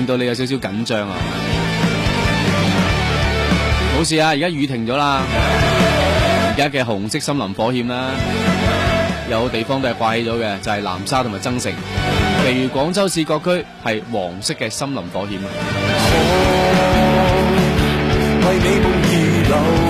見到你有少少緊張啊！冇事啊，而家雨停咗啦。而家嘅紅色森林火險啦。有地方都係掛起咗嘅，就係南沙同埋增城。譬如廣州市各區係黃色嘅森林火險。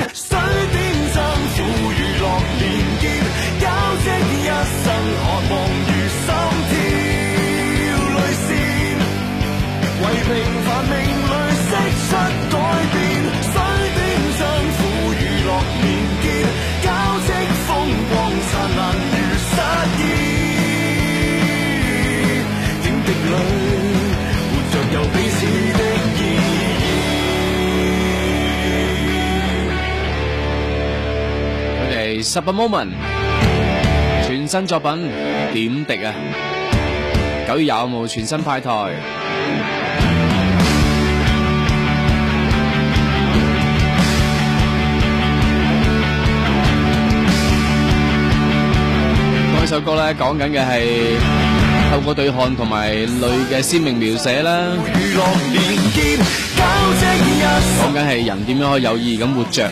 十八 moment 全新作品點滴啊！九月廿五號全新派台。嗰首歌咧講緊嘅係透過對漢同埋淚嘅鮮明描寫啦，講緊係人點樣可以有意義咁活着。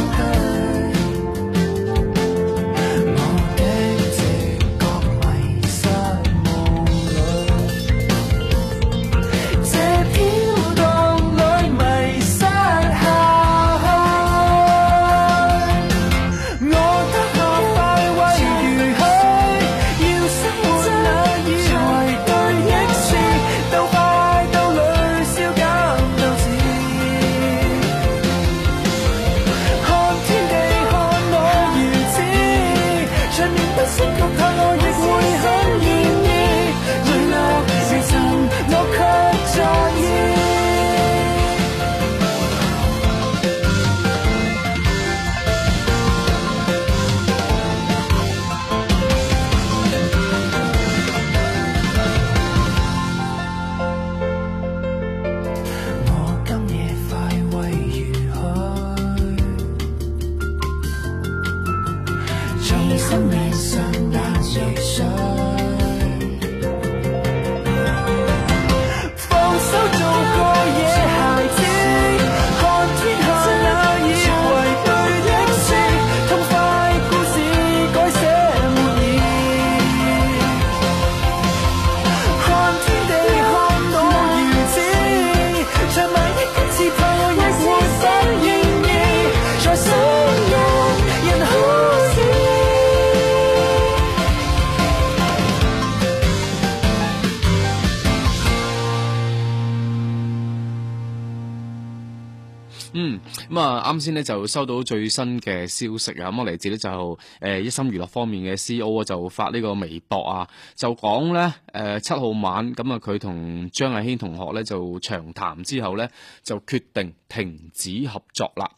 啱先咧就收到最新嘅消息啊，咁啊嚟自咧就誒壹心娛樂方面嘅 CEO 就發呢個微博啊，就講咧誒，七號晚咁啊佢同張藝興同學咧就長談之後咧就決定停止合作啦。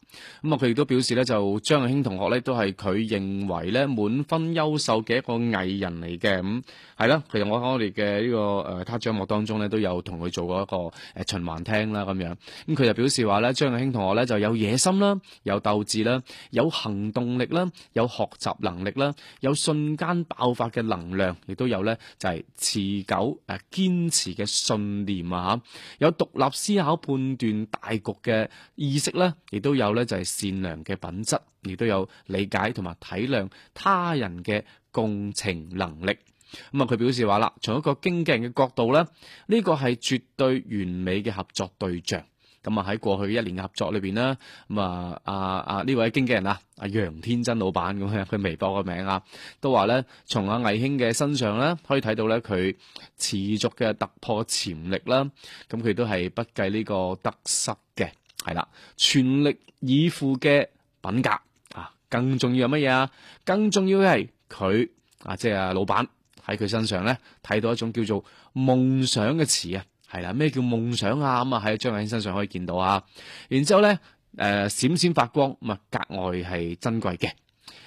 咁啊佢亦都表示咧就張藝興同學咧都係佢認為咧滿分優秀嘅一個藝人嚟嘅，咁係啦。其實我喺我哋嘅呢個誒、呃、他張幕當中咧都有同佢做過一個誒、呃、循環廳啦咁樣。咁佢就表示話咧張藝興同學咧就有野心。有鬥志啦，有行動力啦，有學習能力啦，有瞬間爆發嘅能量，亦都有呢就係持久誒堅持嘅信念啊！吓，有獨立思考判斷大局嘅意識啦，亦都有呢就係善良嘅品質，亦都有理解同埋體諒他人嘅共情能力。咁、嗯、啊，佢表示話啦，從一個經紀人嘅角度呢，呢、呢個係絕對完美嘅合作對象。咁啊喺過去一年合作裏面啦，咁、嗯、啊啊呢、啊、位經紀人啊，阿楊天真老闆咁佢、啊、微博個名啊，都話咧從阿、啊、藝興嘅身上咧，可以睇到咧佢持續嘅突破潛力啦。咁、啊、佢都係不計呢個得失嘅，係啦，全力以赴嘅品格啊，更重要係乜嘢啊？更重要嘅係佢啊，即係啊老闆喺佢身上咧睇到一種叫做夢想嘅詞啊！係啦，咩叫夢想啊？咁啊喺張藝興身上可以見到啊。然之後咧，誒閃閃發光，咁啊格外係珍貴嘅。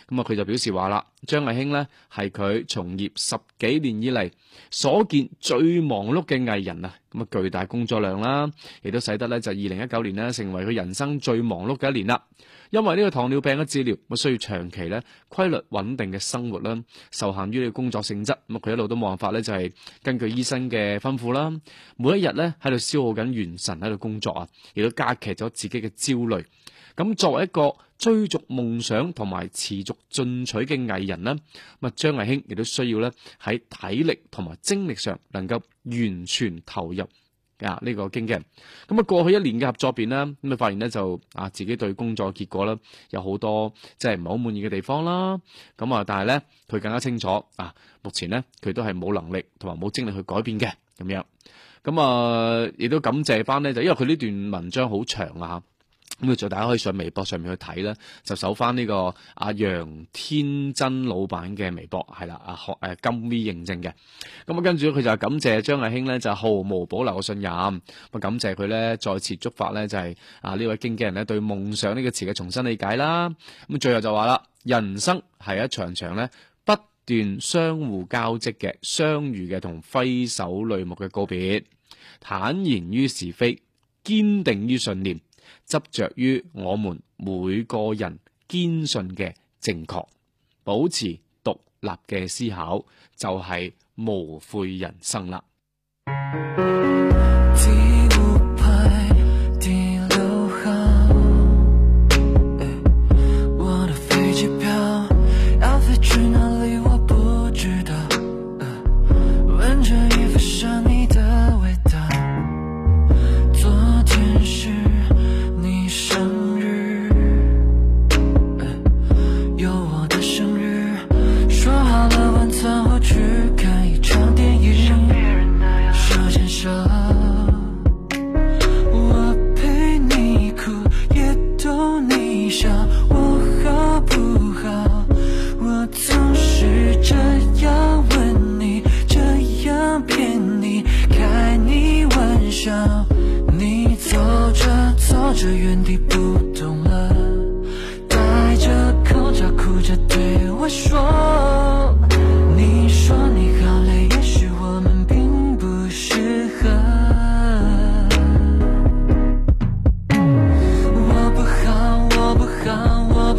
咁啊，佢就表示話啦，張藝興咧係佢從業十幾年以嚟所見最忙碌嘅藝人啊。咁啊，巨大工作量啦，亦都使得咧就二零一九年咧成為佢人生最忙碌嘅一年啦。因為呢個糖尿病嘅治療，我需要長期咧規律穩定嘅生活啦。受限於呢個工作性質，咁啊佢一路都冇辦法咧，就係根據醫生嘅吩咐啦。每一日咧喺度消耗緊元神喺度工作啊，亦都加劇咗自己嘅焦慮。咁作為一個追逐夢想同埋持續進取嘅藝人呢，咁啊張藝興亦都需要咧喺體力同埋精力上能夠完全投入。啊！呢個經紀人咁啊，過去一年嘅合作邊呢，咁啊發現呢，就啊自己對工作結果咧有好多即係唔係好滿意嘅地方啦。咁啊，但係呢，佢更加清楚啊，目前呢，佢都係冇能力同埋冇精力去改變嘅咁樣。咁啊，亦都感謝返呢，就因為佢呢段文章好長啊。咁就大家可以上微博上面去睇啦，就搜翻呢個阿楊、啊、天真老闆嘅微博係啦，學誒、啊啊、金 V 認證嘅咁啊。跟住佢就感謝張藝興咧，就毫無保留嘅信任。咁感謝佢咧，再次觸發咧就係、是、啊呢位經紀人咧對夢想呢個詞嘅重新理解啦。咁最後就話啦，人生係一場場咧不斷相互交織嘅相遇嘅同揮手淚目嘅告別，坦然於是非，堅定於信念。執着於我們每個人堅信嘅正確，保持獨立嘅思考，就係無悔人生啦。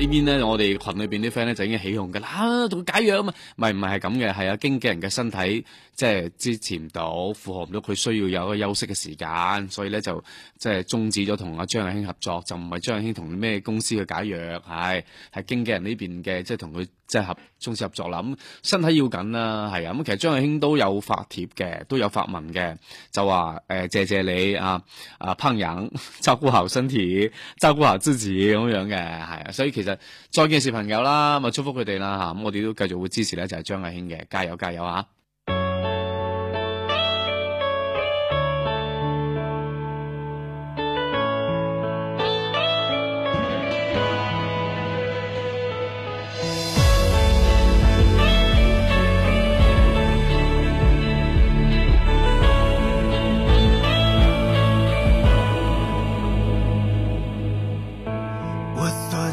邊呢邊咧，我哋群裏邊啲 friend 咧就已經起鬨噶啦，同、啊、佢解約啊嘛，唔係唔係係咁嘅，係啊經紀人嘅身體即係支持唔到，負荷唔到佢，需要有一個休息嘅時間，所以咧就即係終止咗同阿張藝興合作，就唔係張藝興同咩公司去解約，係係經紀人呢邊嘅，即係同佢。即係合，中止合作啦。咁身體要緊啦，係啊。咁、啊、其實張藝興都有發帖嘅，都有發文嘅，就話誒、呃、謝謝你啊啊，烹、啊、飪照顧好身體，照顧好自己咁樣嘅，係啊。所以其實再見是朋友啦，咪祝福佢哋啦咁、啊、我哋都繼續會支持咧，就係張藝興嘅，加油加油啊！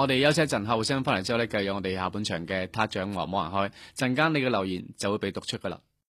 我哋休息一陣，後聲翻嚟之後咧，繼續有我哋下半場嘅他掌我冇人開，陣間你嘅留言就會被讀出噶啦。